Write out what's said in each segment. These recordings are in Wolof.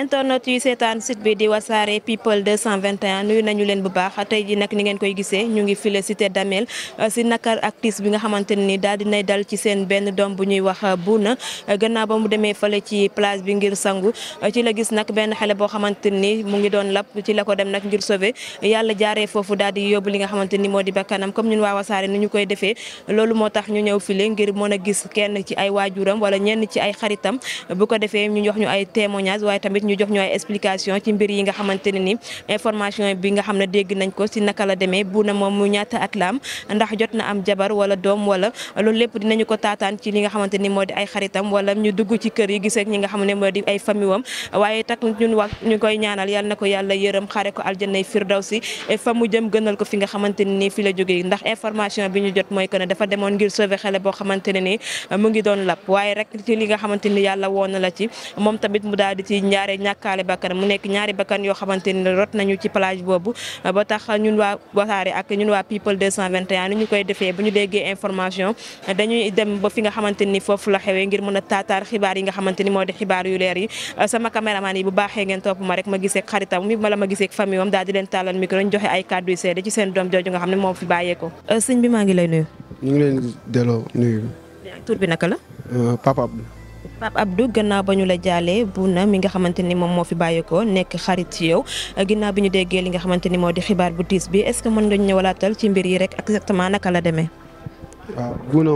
internet yu seetaan site bi di wasaare people 221 nuyu nañu leen bu baax tey ji nag ni ngeen koy gisee ñu ngi file cité Damel euh, si nakar actrice bi nga xamante ne ni dal ci seen benn wax euh, Bouna euh, gannaaw ba mu demee fale ci place bi ngir sangu ci la gis nag benn xale boo xamante ni mu ngi doon lap ci la ko dem nag ngir sauver yàlla jaaree foofu daal di yóbbu li nga xamante ni moo di bakkanam comme ñu waa wasaare ni ñu koy defee loolu moo tax ñu ñëw file ngir mën a gis kenn ci ay waajuram wala ñenn ci ay xaritam bu ko defee ñu jox ñu jox ñu ay explication ci mbir yi nga xamante ne ni information bi nga xam ne dégg nañ ko si naka la demee na am ndax jot na am jabar wala doom wala loolu lépp dinañu ko taataan ci li nga xamante ni moo di ay xaritam wala ñu dugg ci kër yi gisee ñi nga xam ne moo di ay famille wam waaye tak ñu koy ñaanal yal na ko yàlla yërëm xare ko aljanay firdawsi e fa mu jëm gënal ko fi nga xamante ne ni fi la jógee ndax information bi ñu jot mooy que dafa demoon ngir sauver xale boo xamante ne ni mu ngi doon lap li nga xamante ni yàlla woon na la ci moom tamit mu daal ci ñaar waare ñàkkaale bakkan mu nekk ñaari bakkan yoo xamante ni rot nañu ci plage boobu ba tax ñun waa Wassare ak ñun waa People 221 ni ñu koy defee bu ñu déggee information dañuy dem ba fi nga xamante ni foofu a yi nga di xibaar yu leer yi sama caméraman yi bu baaxee ngeen topp ma rek ma giseek xaritam mi wala ma giseek famille am daal di leen tàllal micro ñu joxe ay kàddu yu seen doom jooju nga xam ne moom fi bàyyeekoo sëñ bi maa ngi lay la euh, Pape Abdou gannaaw ba ñu la jaalee Bouna mi nga xamante ni moom moo fi bàyyeekoo nekk xarit ci yow ginnaaw bi ñu déggee li nga xamante ni moo di xibaar bu tiis bi est-ce que mën nga ñu ñëwalaatal ci mbir yi rek exactement naka la demee. waaw Bouna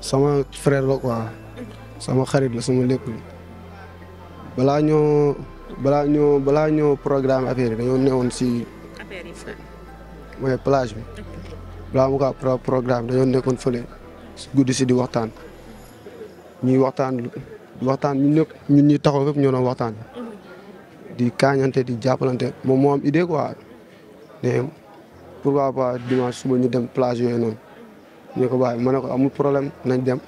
sama frère la quoi sama xarit la sama lépp balaa ñoo balaa ñoo balaa ñoo programme affaire yi dañoo newoon si. affaire mooy plage bi. balaa mu ko programme dañoo nekkoon fële guddi si di waxtaan. ñuy waxtaan waxtaan ñun ñëpp ñun ñuy taxaw fépp ñoo doon waxtaan. di kaañante di jàppalante moom moom am idée quoi ne pour pas dimanche suma ñu dem plage yooyu noonu ñu ko bàyyi ma ne ko amul problème nañ dem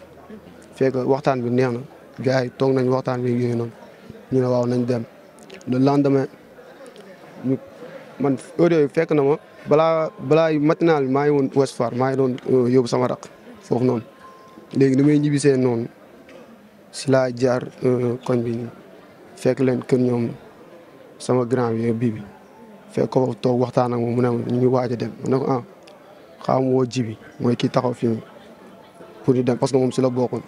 fekk waxtaan bi neex na gars yi toog nañ waxtaan bi yooyu noonu ñu ne waaw nañ dem le man heure fekk na ma balaa balaa matinal bi maa ngi woon Ouest Foire maa ngi doon euh, yóbbu sama raq foofu noonu léegi damay ñibbisee noonu si laa jaar euh, koñ bi fekk leen kër ñoom sama grand bi bii bi fekk ko toog waxtaan ak moom mu ne ñu ngi waaj a dem mu ne ko ah xaw ma woo ji bi mooy kii taxaw fii pour ñu dem parce que moom si la bokkoon.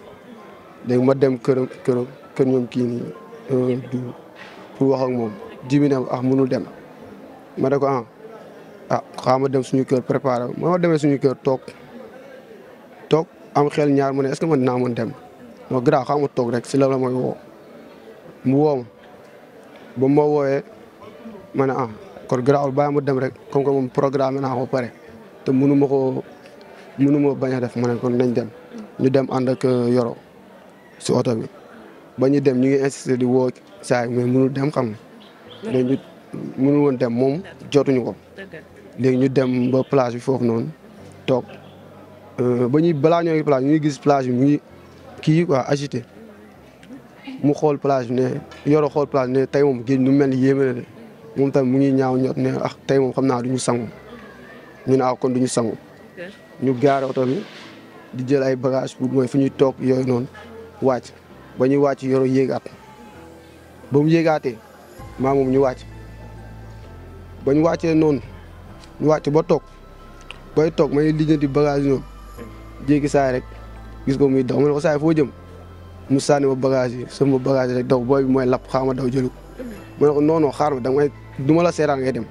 léegi ma dem këram këram kër ñoom kii nii euh, pour wax ak moom ji bi ne ah mënul dem ma ne ko ah ah xaw dem suñu kër préparé ma ma demee suñu kër toog toog am xel ñaar mu ne est ce que man dinaa mun dem. ma garaaw xaaral ma toog rek si la la may woo mu woom ma ba ma wooyee ma ne ah kon garaawul bàyyi mu dem rek comme que moom programme naa ko pare te mënu ma koo mënu ma bañ a def ma ne kon nañ dem ñu dem ànd ak euh, yoro si oto bi ba ñu dem ñu ngi insisté di woo saay mais mënul dem xam nga léegi moom jotuñu ko léegi ba plage bi foofu noonu toog euh, ba ñuy balaa ñoo ngi ñu gis plage bi kii quoi agité mu xool plage ne yoro xool plage ne tey moom géej nu mel ni yéeme na de moom tamit mu ngi ñaaw ñot ne ah tey moom xam naa du ñu sangu ñu ne ah kon du ñu sangu ñu gaare oto bi di jël ay bagage pour mooy ñuy toog yooyu noonu wàcc ba ñuy wàcc yoro yéegaat ba mu yéegaatee maa moom ñu wàcc ba ñu wàccee noonu ñu wàcc ba toog bay toog may lijjanti bagage yi noonu jéegi saay rek gis ko muy saa yi jëm mu sànni ma bagage yi sama daw booy mooy lapp xaama daw jëlu ma ne ko non non xaar la seeraan ngay dem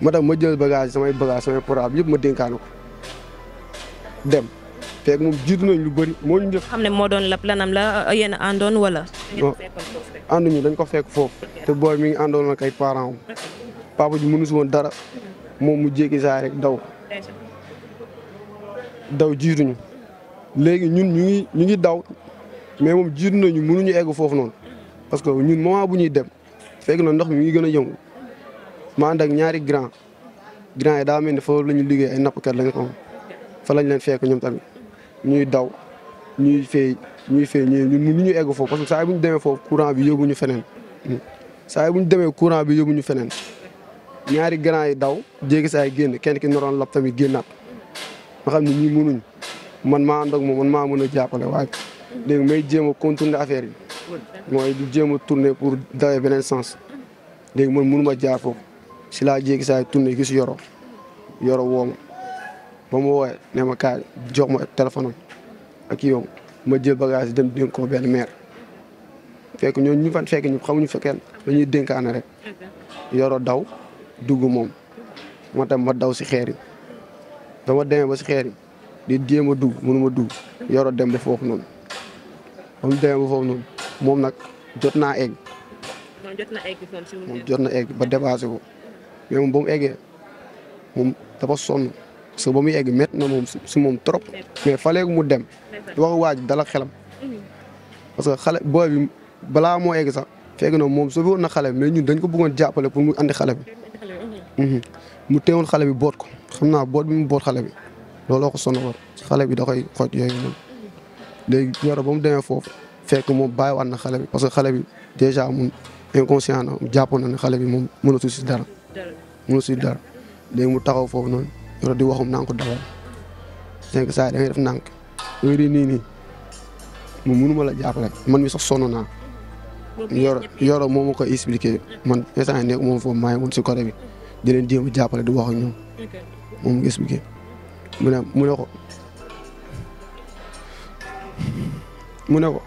ma ma jël bagage samay bagage samay portable yëpp ma dénkaanu dem fekk moom jiitu nañ lu bëri moo ñu def. xam ne moo doon lap lanam la yéen àndoon wala. ñu dañ ko fekk foofu te booy mi ngi àndoon ak ay parents am papa ji moom mu jéggi saa rek daw jiituñu léegi ñun ñu ngi ñu ngi daw mais moom jiitu nañu mënuñu egg foofu noonu parce que ñun moment bu ñuy dem fekk na ndox mi ngi gën a yëngu ma ànd ak ñaari grand grand yi daa mel ni foofu la ñu liggéey ay nappkat lañ ko am fa lañ leen fekk ñoom tamit ñuy daw ñuy fay ñuy fay ñu ñun mënuñu egg foofu parce que saa bu ñu demee foofu courant bi yóbbu ñu feneen saa bu ñu demee courant bi yóbbu ñu feneen ñaari grand yi daw jéggi saa yi génn kenn ki noroon lab tamit génnaat nga xam ne ñii mënuñu. man maa ànd ak moom man maa mën a jàppale waaye dégg nga may jéem a contourner affaire yi mooy di jéem a pour dawee beneen sens léegi man mënu ma jaar foofu si laa jéegi saay tourner si yoro yoro woo ma ba mu woowee ne ma kaay jox ma téléphone ak yow ma jël bagage dem dénk ko benn maire fekk ñoo ñu fan fekk ñu xamuñu fekkeen kenn ñuy dénkaane rek yoro daw dugg moom moo tax ma daw si xeer yi dama demee ba si xeer di jéem a dugg mënuma dugg yoro dem ba foofu noonu ba mu demee ba foofu noonu moom nag jot naa egg. moom jot na egg moom jot na egg ba dépassé ko mais ba mu eggee moom dafa sonn parce que ba muy na moom si moom trop. fale faleegu mu dem. wax waaj dala xelam. Mhm. parce que xale booy bi balaa moo egg sax fekk na moom sauvé woon na xale bi mais ñun dañ ko bëggoon jàppale pour mu andi xale mu mhm. teewoon xale bi boot ko xam naa boot bi mu boot xale bi. looloo ko sonaloon xale bi da koy xoj yooyu noonu léegi Yoro ba mu demee foofu fekk moom bàyyiwaat na xale bi parce que xale bi déjà mun inconscient na na ne xale bi moom mënatu si dara mënatu si dara léegi mu taxaw foofu noonu Yoro di waxum naa ko dawal cinq saa def nànk heure yi nii nii mu mënuma la jàppale man mi sax sonn naa Yoro Yoro moo ma ko expliqué man instant yi nekk moom foofu maa ngi si côté bi di leen jéem a jàppale di wax ak ñoom moom expliqué mu ne mu ne ko mu ne ko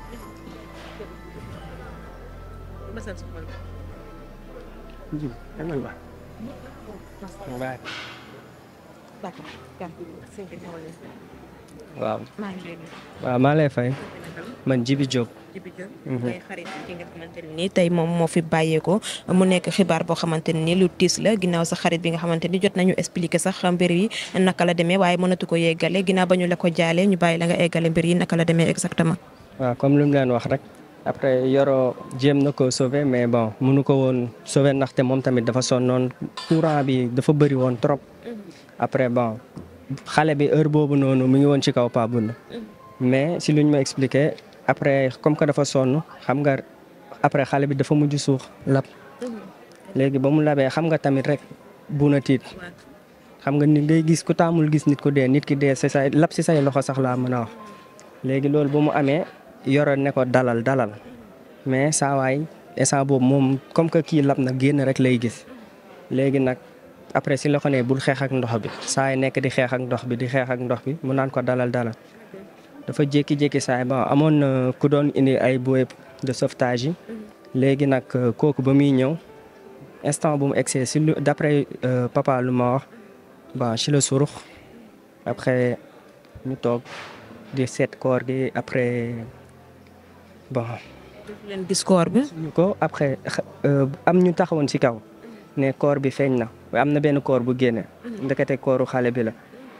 waaw waaw maa lay fay man Jibi Diop Djibi Diop mooy mhm. xarit ki nga xamante ne nii tey moom moo fi bàyyeekoo mu nekk xibaar boo xamante ne nii lu tiis la ginnaaw sa xarit bi nga xamante ni jot nañu expliquer sax mbir yi naka la demee waaye mënatu ko yeggale ginnaaw ba ñu la ko jaalee ñu bàyyi la nga eggale mbir yi naka la demee exactement waaw comme lu mu leen wax rek après Yoro jéem na ko sauver mais bon mënu ko woon sauver ndaxte moom tamit dafa sonnoon courant bi dafa bëri woon trop mhm. après bon xale bi heure boobu noonu mu ngi woon ci kaw Paboune après comme que dafa sonn xam nga après xale bi dafa mujj suux lab léegi ba mu labee xam nga tamit rek bu na tiit xam nga ni ngay gis ku taamul gis nit ko dee nit ki dee si say lab si say loxo sax laa mën a wax léegi loolu ba mu amee yoroon ne ko dalal dalal mais saa waay instant boobu moom comme que kii lab na génn rek lay gis léegi nag après si la ko bul xeex ak ndox bi saa yi nekk di xeex ak ndox bi di xeex ak ndox bi mu naan ko dalal dalal dafa jékki-jékki saay bon amoon na euh, ku doon indi ay booy de sauvetage mm-hmm. léegi nag euh, kooku ba muy ñëw instant bu mu egsee si lu d'après euh, papa lu ma wax bon si la surux après ñu toog di seet koor gi après bon. leen bi. ñu ko après am ñu taxawoon si kaw ne koor bi feeñ na am na benn koor bu génne. Mm-hmm. ndekete kooru xale bi la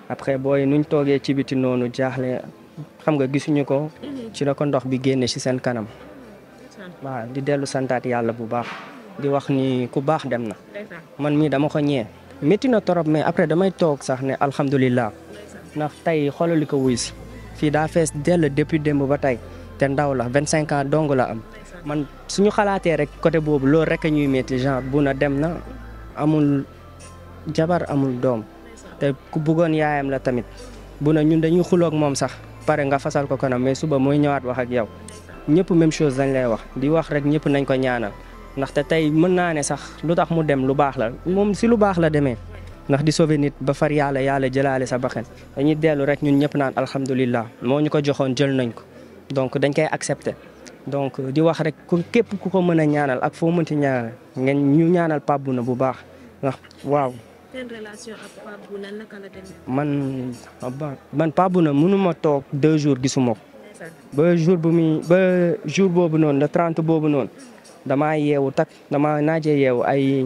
après booy nuñ toogee ci biti noonu jaaxle. xam nga gisuñu ko ci la ko ndox bi génne ci seen kanam waaw di dellu santaat yàlla bu baax di wax ni ku baax dem na man mii dama ko ñee métti na torop mais après damay toog sax ne alhamdulilah ndax tey xoolal li ko wuy fii daa fees dell depuis démb ba tey te ndaw la vingt cinq ans dong la am man suñu xalaatee rek côté boobu loolu rek ñuy métti genre bu na dem na amul jabar amul doom te ku buggoon yaayam la tamit bu na ñun dañuy xuloog moom sax pare nga fasal ko kanam mais suba mooy ñëwaat wax ak yow ñëpp même chose dañ lay wax di wax rek ñëpp nañ ko ñaanal ndaxte tey mën naa ne sax lu tax mu dem lu baax la moom si lu baax la demee ndax di sauver nit ba far yàlla yàlla jëlaale sa baxen dañuy dellu rek ñun ñëpp naan alhamdulilah moo ñu ko joxoon jël nañ ko donc dañ koy accepté donc di wax rek ku képp ku ko mën a ñaanal ak foo mënti ñaanal ngeen ñu ñaanal Pape na bu baax ndax waaw man man Pape Bouna mënuma toog deux jours gisuma ko. ba jour boobu noonu le trente boobu noonu damaa yeewu tak damaa naaje yeewu ay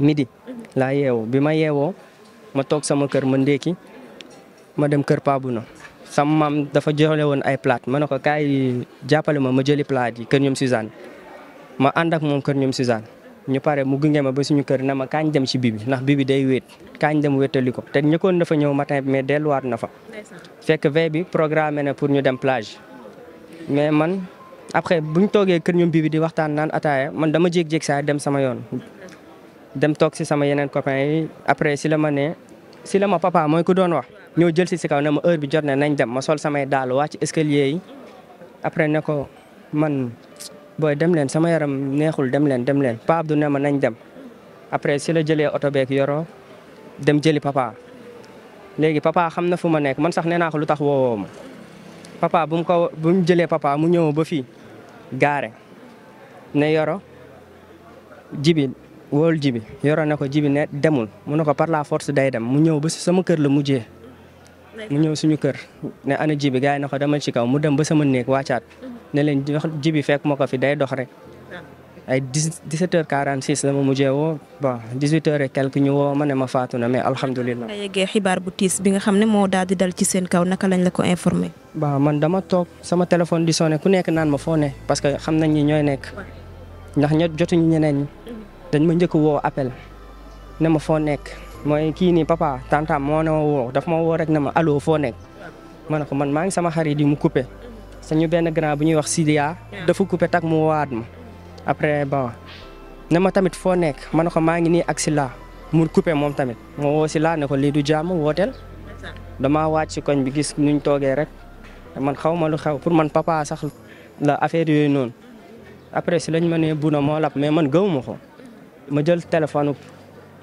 midi mhm. laa yeewu bi ma yeewoo ma toog sama kër ma ndékki ma dem kër Pape Bouna sama maam dafa joxe woon ay plate ma ne ko kaay jàppale ma ma jëli plate yi kër ñoom Suzanne ma ànd ak moom kër ñoom Suzanne ñu pare mu gunge ma ba suñu kër na ma kaañ dem ci bibi ndax bibi day wéet kaañ dem wéetali ko te ñëkkoon na fa ñëw matin bi mais delluwaat na fa. fekk veille bi programme ne pour ñu dem plage. mais man après bu ñu toogee kër ñoom bibi di waxtaan naan ataaya man dama jéeg-jéeg saa dem sama yoon. dem toog si sama yeneen copain yi après si la ma ne si la ma papa mooy ku doon wax ñoo jël si si kaw ne ma heure bi jot na nañ dem ma sol samay daalu wàcc escalier après ne ko man. booy dem leen sama yaram neexul dem leen dem leen Pa Abdou ne ma nañ dem après si la jëlee oto beeg yoroo dem jëli papa. léegi papa xam na fu ma nekk man sax nee naa ko lu tax woowoo ma papa bu mu ko bu jëlee papa mu ñëw ba fii gaare ne yoro jibi woolu jibi yoro ne ko jibi ne demul mu ne ko par la force day dem mu ñëw ba si sama kër la mujjee. mu ñëw suñu kër ne ana jibi gars yi na ko demal ci kaw mu dem ba sama néeg wàccaat mm-hmm. ne leen wax jibi fekk ma ko fi day dox rek ah. ay dix dix-sept heures quarante six la ma mujjee woo bon dix-huit heures et quelque ñu woo ma ne ma faatu na mais alhamdulilah. nga yeggee xibaar bu tiis bi nga xam ne moo daal di dal ci seen kaw naka lañ la ko informé. waaw man dama toog sama téléphone di sonné ku nekk naan ma foo ne parce que xam nañ ñi ñooy nekk ndax ño jotuñu ñeneen mm-hmm. dañ ma njëkk woo appel ne ma foo nekk. mooy kii nii papa tantam moo ne ma woo daf ma woo rek na ma aloo foo nekk ma ne ko man maa ngi sama xarit yi mu coupé sañu benn grand bu ñuy wax Sidiya dafa coupé tak mu waat ma après bon ne ma tamit foo nekk ma na ko maa ngi nii ak Sila mu coupé moom tamit ma woo Sila ne ko lii du jàmm wooteel damaa wàcc ci koñ bi gis ñu toogee rek man xaw ma lu xew pour man papa sax la affaire yooyu noonu après si lañ ma bu Buna moo lap mais man gëw ma ko ma jël téléphone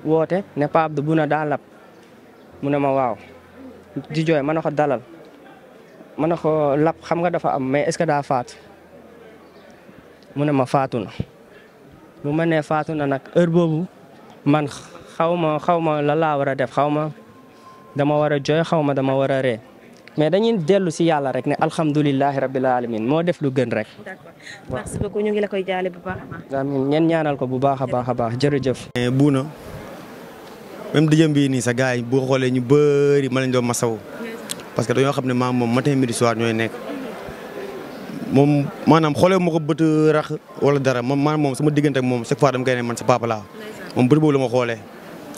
woote ne Pape Abdou Bouna daa lab mu ne ma waaw di jooy ma ne ko dalal ma ne ko lab xam nga dafa am mais est-ce que daa faatu mu ne ma faatu na bu ma ne faatu na nag heure boobu man xaw ma xaw ma la laa war a def xawma dama war a jooy xaw ma dama war a ree mais dañuy dellu si yàlla rek ne alhamdulilahi rabbil alamin moo def lu gën rek. d'accord ñaanal ko bu baax a baax a baax jërëjëf. Bouna. même dëjëm nii sa gars yi boo xoolee ñu bëri ma lañ doon masaw parce que dañoo xam ne maam moom matin midi soir ñooy nekk moom maanaam xoolee ma ko bët rax wala dara moom maanaam moom sama diggante moom chaque fois dama koy ne man sa papa laa moom bët boobu la ma xoolee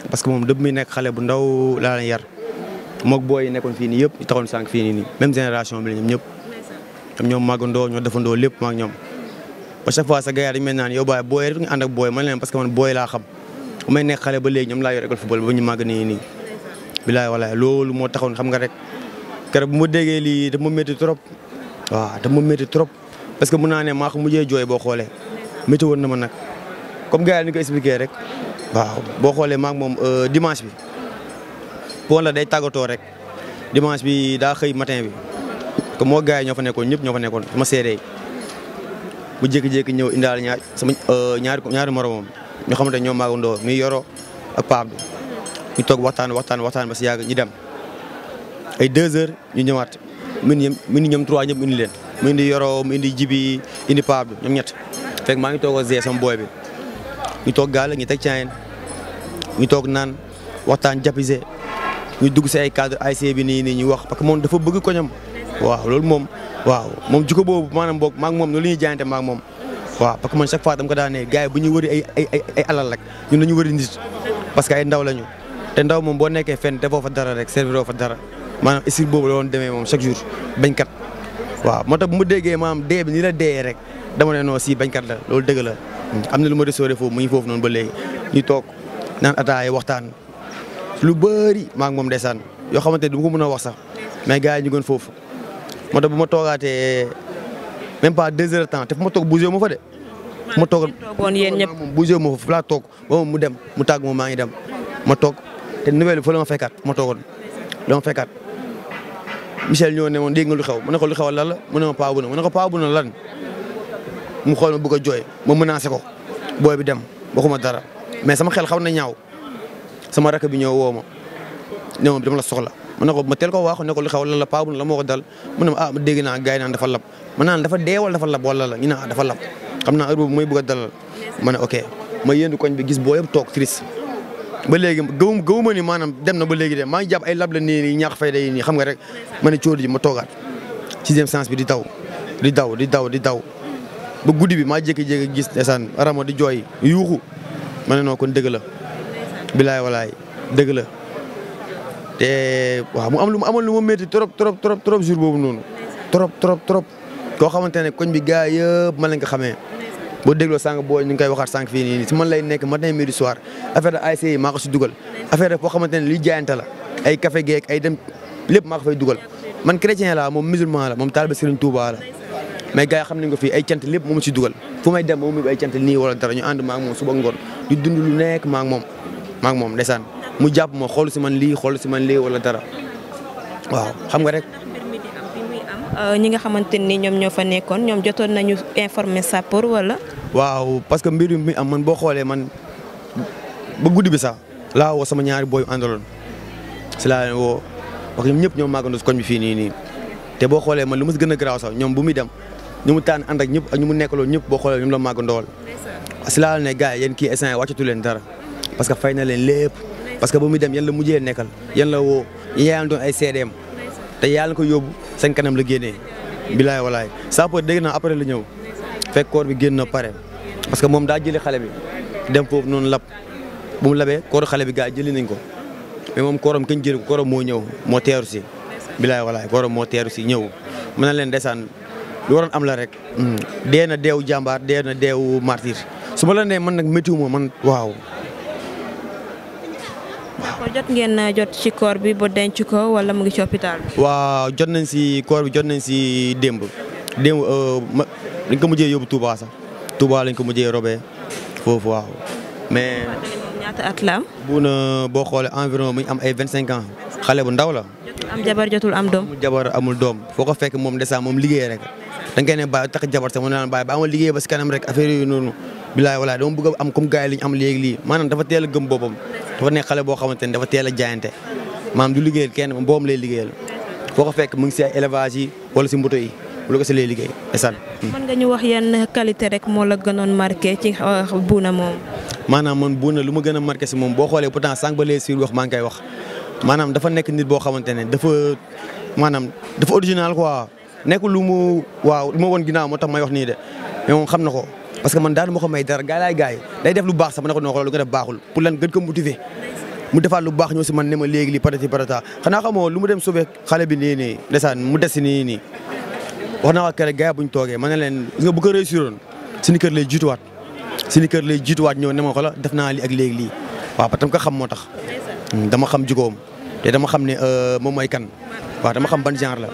parce que moom dëpp muy nekk xale bu ndaw laa leen yar moog booy nekkoon fii nii yëpp ñu taxoon sànq fii nii nii même génération bi ñëpp ñoom ñoom ñoo defandoo lépp maag ñoom ba chaque fois sa que man booy bu may ne xale ba léegi ñoom laa yor école football ba ñu màgg nii nii. bilaay walaay loolu moo taxoon xam nga rek keroog bu ma déggee lii daf ma métti trop waaw daf ma métti trop parce que mun naa ne maa ko jooy boo xoolee métti woon na ma nag comme gars ni ko expliqué rek waaw boo xoolee maak moom euh, dimanche bi la day tàggatoo rek dimanche bi daa xëy matin bi comme moo gars yi ñoo fa nekkoon ñëpp ñoo fa nekkoon sama seede bu jékki-jékki ñëw indaal ñaar sama euh, ñaari ñaari ñu xamante ñoom maagandoo mi yoro ak Pape bi ñu toog waxtaan waxtaan waxtaan ba si yàgg ñu dem ay deux heures ñu ñëwaat mu indi mu indi ñoom trois ñëpp indi leen mu indi yoro mu indi jibi indi Pape bi ñoom ñett fekk maa ngi toog zee sama booy bi ñu toog gaale ñu teg caayin ñu toog naan waxtaan japise ñu dugg si ay cadre ay bi nii nii ñu wax parce que moom dafa bëgg koñam waaw loolu moom waaw moom jikko boobu maanaam boog maag moom loolu ñuy jaayante maag moom waaw parce que man chaque fois dama ko daan ne gars yi bu ñuy wëri ay ay ñun dañu wëri nit parce que ay ndaw lañu te ndaw moom boo nekkee fenn defoo fa dara rek serviroo fa dara maanaam style boobu la demee moom chaque jour bañkat waaw moo ta bu ma déggee maanaam dee bi ni la dee rek dama ne non si bañkat la loolu dëgg la am na lu ma resooree foofu mu ngi foofu ba léegi ñu toog naan ataay waxtaan lu bëri maa ngi moom yoo xamante ni du mën a wax sax mais gars yi ñu gën foofu moo tax bu ma toogaatee même pas deux heures de te fu ma toog bougé ma fa de. fu ma toog toogoon moom bougé ma fa laa toog ba mu dem mu tàgg ma maa ngi dem ma toog te nouvelle bi fa la ma fekkaat ma toogoon la ma fekkaat. Michel ñoo ne moom dégg nga lu xew mu ne ko lu xew a lal mu ne ma Paa Bouna mu ne ko Paa mu xool ma bëgg jooy ma menacé ko booy bi dem ma dara mais sama xel xaw na ñaaw sama rakk bi ñëw woo ma ne ma dama la mu ne ko ma teel ko ko lu xew lan la Paa Bouna la moo ko dal mu ne ma ah, naa gars yi ma naan dafa dee wala dafa lab wala la ñu ne dafa lab xam naa heure moy mooy bëgg dalal ma ne ok ma yéendu koñ bi gis boo yëpp toog triste ba léegi gëw gëwuma ni maanaam dem na ba léegi de maa ngi ay lab la nii nii ñaax fay day nii xam nga rek ma ne cóor ji ma toogaat sixième sens bi di taw di daw di daw di daw ba guddi bi maa jékki-jékki gis ndeysaan ramo di jooy yuuxu ma ne noo kon dëgg la bilaay walaay dëgg la te waaw mu am lu mu amoon lu ma métti trop trop trop trop boobu noonu trop trop trop koo xamante ne koñ bi gars yëpp man lañ ko xamee boo dégloo boo ñu ngi koy waxaat sànq fii nii si man lay nekk matin midi soir affaire de ASC yi maa ko si dugal affaire de foo xamante ne luy jaayante geek ay dem lépp maa ko fay dugal man chrétien la moom musulman la moom taalibe Serigne la mais gars yi xam ko fii ay cant lépp moom si dugal fu may dem moom ay cant nii wala dara ñu ànd maa ngi moom suba ngoon dund lu nekk maa ngi moom maa ngi moom ndeysaan mu jàpp ma xool si man lii xool si man lii wala dara waaw Euh, ñi nga xamante ni ñoom ñoo fa nekkoon ñoom jotoon nañu informer sapeur wala. waaw parce que mbir mi am man boo xoolee man ba guddi bi sax laa woo sama ñaari booy àndaloon si laa leen woo ñëpp ñoom màggandoo si bi fii nii nii te boo xoolee man lu ma gën a garaaw sax ñoom bu muy dem ñu mu tànn ànd ak ñëpp ñu mu nekkaloon ñëpp boo xoolee ñoom la màggandool si laa ne gars yi yéen kii instant wàccatu leen dara parce que fay na leen lépp parce que ba muy dem yan la mujjee nekkal yan la woo yéen ay CDM te yàlla na ko yóbbu seen kanam la génne bilaay walaay sapeur dégg na après la ñëw fekk koor bi génn na pare parce que moom daa jëli xale bi dem foofu noonu lab bu mu labee kooru xale bi gaa jëli nañ ko moom kooram kenn jëli ko moo ñëw moo teeru si bilaay walaay kooram moo teeru si ñëw mën na leen desaan lu waroon am la rek hmm. dee na deewu jàmbaar dee na deewu martyr su ma la nee man nag météo man waaw ko jot euh, jot ci koor bi ba denc ko wala mu ngi ci hôpital waaw jot nañ si koor bi jot nañ si démb démb euh, ma dañ ko mujjee yóbbu Touba sax Touba lañ ko mujjee robee foofu waaw mais. ñaata at bu na boo xoolee environ mu am ay vingt cinq ans xale ndaw la. am jabar jotul am doom. amul jabar amul doom foo ko fekk moom desaan moom liggéey rek da nga koy ne bàyyi tax jabar sax mu ne naan bàyyi ba amoon liggéey ba si kanam rek affaire yooyu noonu bilaay walaay dama bëgg am comme gars yi li ñu am léegi lii maanaam dafa teel a gëm boppam. dafa nekk xale boo xamante ni dafa teel a jaayante maam du liggéeyal kenn mboom lay liggéeyal foo ko fekk mu ngi si ay yi wala si mbuto yi lu ko si lay liggéey esan mën nga ñu wax yenn qualité rek moo la gënoon marqué ci euh, buuna moom maanaam man buuna lu ma gën a marqué si moom boo xoolee pourtant sànq ba léegi si wax maa ngi koy wax maanaam dafa nekk nit boo xamante ne dafa maanaam dafa original quoi nekk lu mu waaw lu ma woon ginnaaw moo tax may wax nii de mais moom xam na ko parce que man daanu ma ko may dara gaay laay gaay day def lu baax sax ma ne ko nga def baaxul pour lan gën ko motiver mu defaat lu baax ñoo si man ne ma léegi li patati patata xanaa xamoo lu mu dem sauver xale bi nii nii ndeysaan mu des si nii nii wax naa waa kër gaay buñ toogee ma ne leen nga bu ko réussir woon suñu kër lay jiituwaat kër lay jiituwaat ñëw ne ma xola def naa ak léegi lii waaw parce que xam moo tax hmm, dama xam jikkoom te dama xam ne euh, moom mooy kan waaw dama xam ban genre la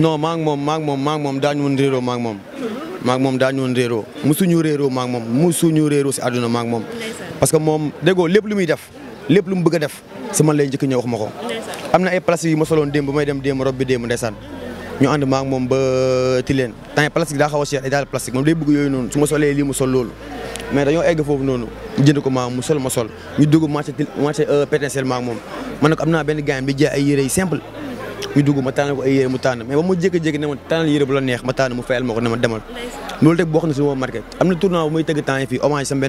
non maa ngi moom maa moom maa ngi moom daañu woon réeroo maa moom maak moom daa ñoon réeroo musuñu réeroo maak moom musuñu réeroo si àdduna maak moom parce que moom déggoo lépp lu muy def lépp lu mu bëgg a def si man lay njëkk ñëw wax ma ko am na ay place yu ma soloon dem ba may dem démb rob bi démb ndeysaan ñu ànd maak moom ba ti leen temps plastique daa xaw a cher ay daal plastique moom day bëgg yooyu noonu su ma solee lii mu sol loolu mais dañoo egg foofu noonu jënd ko maam mu sol ma sol ñu dugg marché marché euh, pétentiel maak moom man nag am naa benn gaañ bi jaay ay yére yu ñu dugg ma tànn ko mu tànn mais ba mu jékki-jékki ne ma demal loolu teg bokk na si moo am na tournoi bu tëgg temps na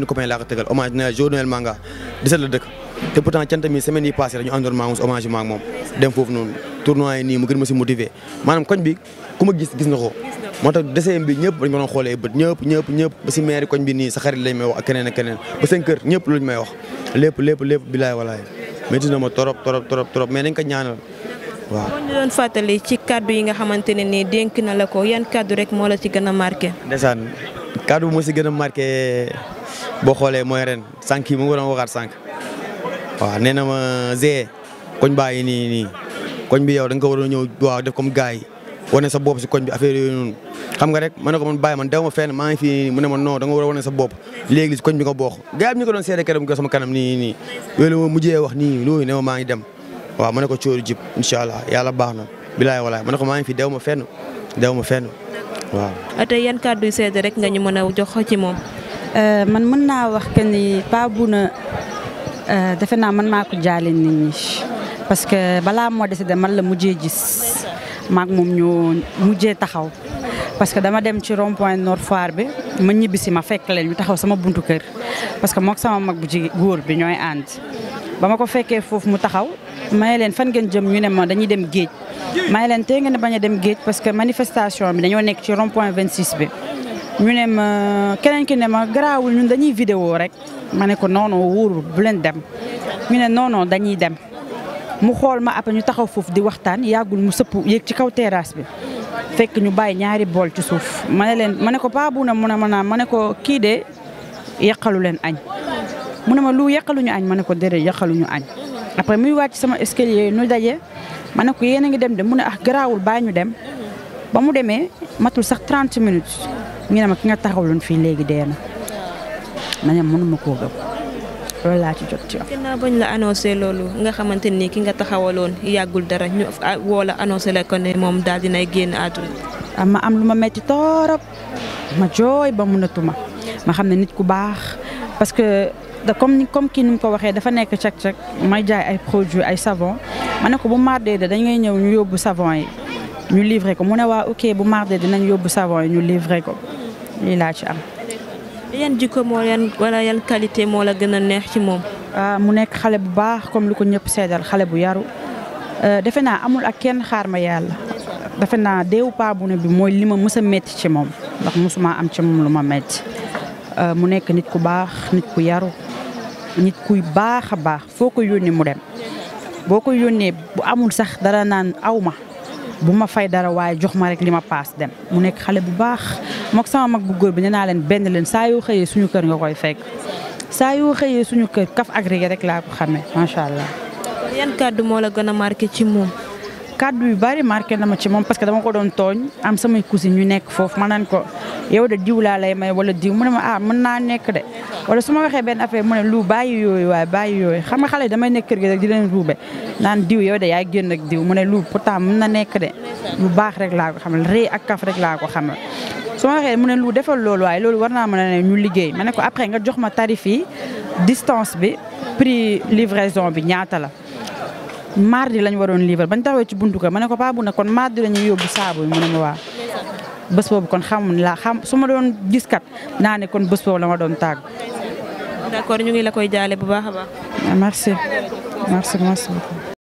mu gën ma si motivé maanaam koñ nii sa xarit lañ may wax ak keneen ak keneen ba seen ñëpp luñ may wax lépp lépp lépp bilaay walaay métti na ma torop torop torop torop mais ñaanal waaw fàttali ci kàddu yi nga xamante ne nii dénk na la ko yan kàddu rek moo ci gën a marqué. ndeysaan kàddu bu ma si gën a marqué boo xoolee mooy ren sànq yi mu ngi doon sànq waaw nee na ma Zé koñ baa yi nii nii koñ bi yow da nga ko war a ñëw waaw def comme gars yi wane sa bopp si koñ bi affaire yooyu noonu xam nga rek ma ne ko man bàyyi man dew ma fenn maa ngi fii mu ne ma non da nga war a wane sa bopp léegi si koñ bi nga bokk gars yi ñu ko doon seede keroog sama kanam nii nii yooyu la ma mujjee wax nii ne ma maa ngi dem waaw ma ne ko cóoru jib incha allah yàlla baax na bilaay walaay ma ne ko maa ngi fi dew ma fenu dew ma fenn waaw. Ah, tey yan kàddu yu seede rek nga ñu mën a jox ci moom. Euh, man mën naa wax que ni Pa Bouna euh, defe naa man maa ko jaale nit ñi parce que balaa moo décédé man la mujjee gis maak moom ñoo mujjee taxaw parce que dama dem ci rond point Nord Foire bi ma ñibbi ma fekk leen ñu taxaw sama buntu kër parce que mook sama mag bu ci góor bi ñooy ànd ba ma ko fekkee foofu mu taxaw may leen fan ngeen jëm ñu ne ma dañuy dem géej may leen tey ngeen bañ a dem géej parce que manifestation bi dañoo nekk ci rond point 26 bi. ñu ne ma keneen ki ne ma garaawul ñun dañuy vidéo rek ma ne ko non non bu leen dem ñu ne non dañuy dem mu xool ma après ñu taxaw foofu di waxtaan yàggul mu sëppu yéeg ci kaw terrasse bi. fekk ñu bàyyi ñaari bool ci suuf ma ne leen ma ne ko paa na mu ne ma naa ma ne ko kii de yàqalu leen añ mu ne ma lu yàqaluñu añ ma ne ko déedéet yàqaluñu añ. après muy wàcc sama escalier nu daje ma ne ko yéen a ngi dem de mu ne ah garaawul bàyyi ñu dem ba mu demee matul sax trent minutes ñu ne ma ki nga taxawloon fii léegi dee na ma ne mënuma koo gëm loolu laa ci jot ci am. bañ la annoncé loolu nga xamante ni ki nga taxawaloon yàggul dara ñu ah, woo la annoncé la ko ne moom daal dinay génn àdduna. Ah, ma am lu ma metti torop ma jooy ba mënatuma ma xam ne nit ku baax parce da comme comme kii ni mu ko waxee dafa nekk cag may jaay ay produits ay savon ma ne ko bu mardee de dañ ngay ñëw ñu yóbbu savon yi ñu livré ko mu ne waa ok bu mardee dinañ yóbbu savon yi ñu livré ko laa ci am. yan jikko moo yan wala qualité moo la gën a neex ci moom. Ah, mu nekk xale bu baax comme lu ko ñëpp seedal xale bu yaru euh, defe naa amul ak kenn xaar ma yàlla. defe naa deewu paabu bu bi mooy li ma mës a métti ci moom ndax mësuma am ci moom lu ma metti euh, mu nekk nit ku baax nit ku yaru nit kuy baax a baax foo ko yónnee mu dem boo ko yónnee bu amul sax dara naan aw ma bu ma fay dara waaye jox ma rek li ma paas dem mu nekk xale bu baax mook sama mag bu góor bi ne naa leen benn leen saa yoo xëyee suñu kër nga koy fekk saa yoo xëyee suñu kër kaf ak rek laa ko xamee macha allah. yan kàddu moo la gën a marqué ci moom. kàddu yu bari marqué na ma ci moom parce que dama ko doon tooñ am samay cousine ñu nekk foofu ma naan ko yow de diw laa lay may wala diw mu na ma ah naa nekk de wala su ma waxee benn affaire mu ne lu bàyyi yooyu waaye bàyyi yooyu xam nga xale damay nekk gi rek di leen ruube naan diw yow de yaay génn ak diw mu ne lu pourtant na nekk de lu baax rek laa ko xamal rëy ak kaf rek laa ko xamal su ma waxee mu ne lu defal loolu waaye loolu war naa mën a ne ñu liggéey ma ne ko après nga jox ma tarif yi distance bi pri livraison bi ñaata la mardi lañu waroon livrer bañ taxawee ci buntu kër ma ne ko paa bu ne kon mardi la ñuy saabu ma mu ne ma waaw. bés boobu kon xamuñ laa xam su ma doon gis kat ne kon bés boobu la ma doon tàgg. d'accord ñu ngi la koy jaale bu baax a baax. merci merci merci